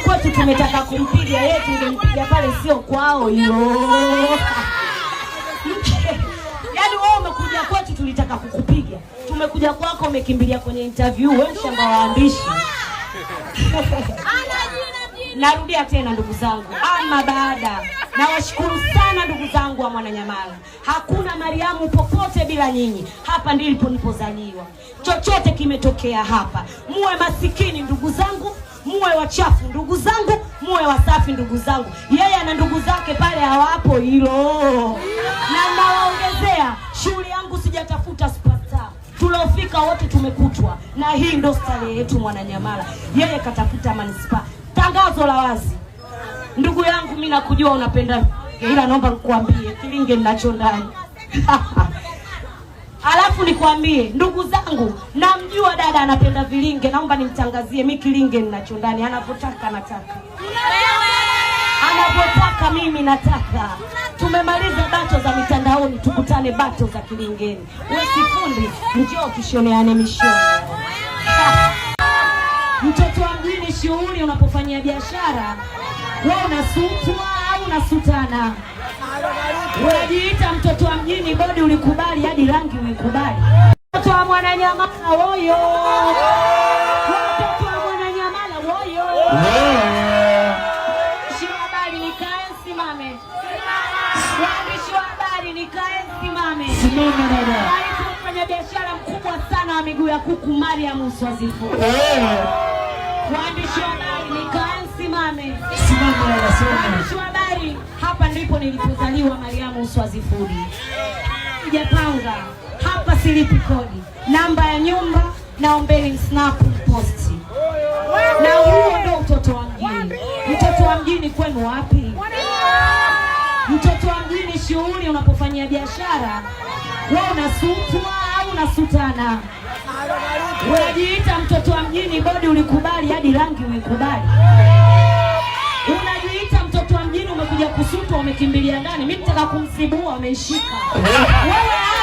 kwetu tumetaka kumpiga yetu, ilimpiga pale, sio kwao hiyo. Yaani wewe umekuja kwetu, tulitaka kukupiga, tumekuja kwako, umekimbilia kwenye interview, wewe shamba waandishi. Narudia tena ndugu zangu, ama baada nawashukuru sana ndugu zangu wa Mwananyamala. Hakuna Mariamu popote bila nyinyi. Hapa ndilipo nipozaliwa chochote kimetokea hapa. Muwe masikini ndugu zangu muwe wachafu ndugu zangu, muwe wasafi ndugu zangu. Yeye ana ndugu zake pale hawapo, hilo na nawaongezea. Shughuli yangu sijatafuta superstar, tuliofika wote tumekutwa, na hii ndo starehe yetu Mwananyamala. Yeye katafuta manispa Tangazo la wazi, ndugu yangu, mi nakujua unapenda, ila naomba nikuambie kilinge ninacho ndani alafu nikwambie ndugu zangu na dada anapenda vilinge, naomba nimtangazie, mi kilinge ninacho ndani, anavyotaka nataka, anavyotaka mimi nataka. Tumemaliza bato za mitandaoni, tukutane bato za kilingeni. Wewe sifundi, njoo tushoneane mishono. Mtoto wa mjini, shughuli unapofanyia biashara, we unasutwa au unasutana? Unajiita mtoto wa mjini, bodi ulikubali, hadi rangi ulikubali. Mwananyamala woyo, watoto wa Mwananyamala woyo, waandishi wa habari nikae simame, waandishi wa habari nikae simame. Alikuwa mfanyabiashara mkubwa sana wa miguu ya kuku Mariam Uswazifu. Waandishi wa habari nikae simame, waandishi wa habari, hapa ndipo nilipozaliwa Mariam Uswazifudi, sijapanga silipi kodi, namba ya nyumba naombeni snap posti. Na huo ndo mtoto wa mjini. Mtoto wa mjini kwenu wapi? Mtoto wa mjini, shughuli unapofanyia biashara, we unasutwa au unasutana? Unajiita mtoto wa mjini, bodi ulikubali hadi rangi ulikubali. Unajiita mtoto wa mjini, umekuja kusutwa, umekimbilia ndani. Mimi nitaka kumsibua, umeishika wewe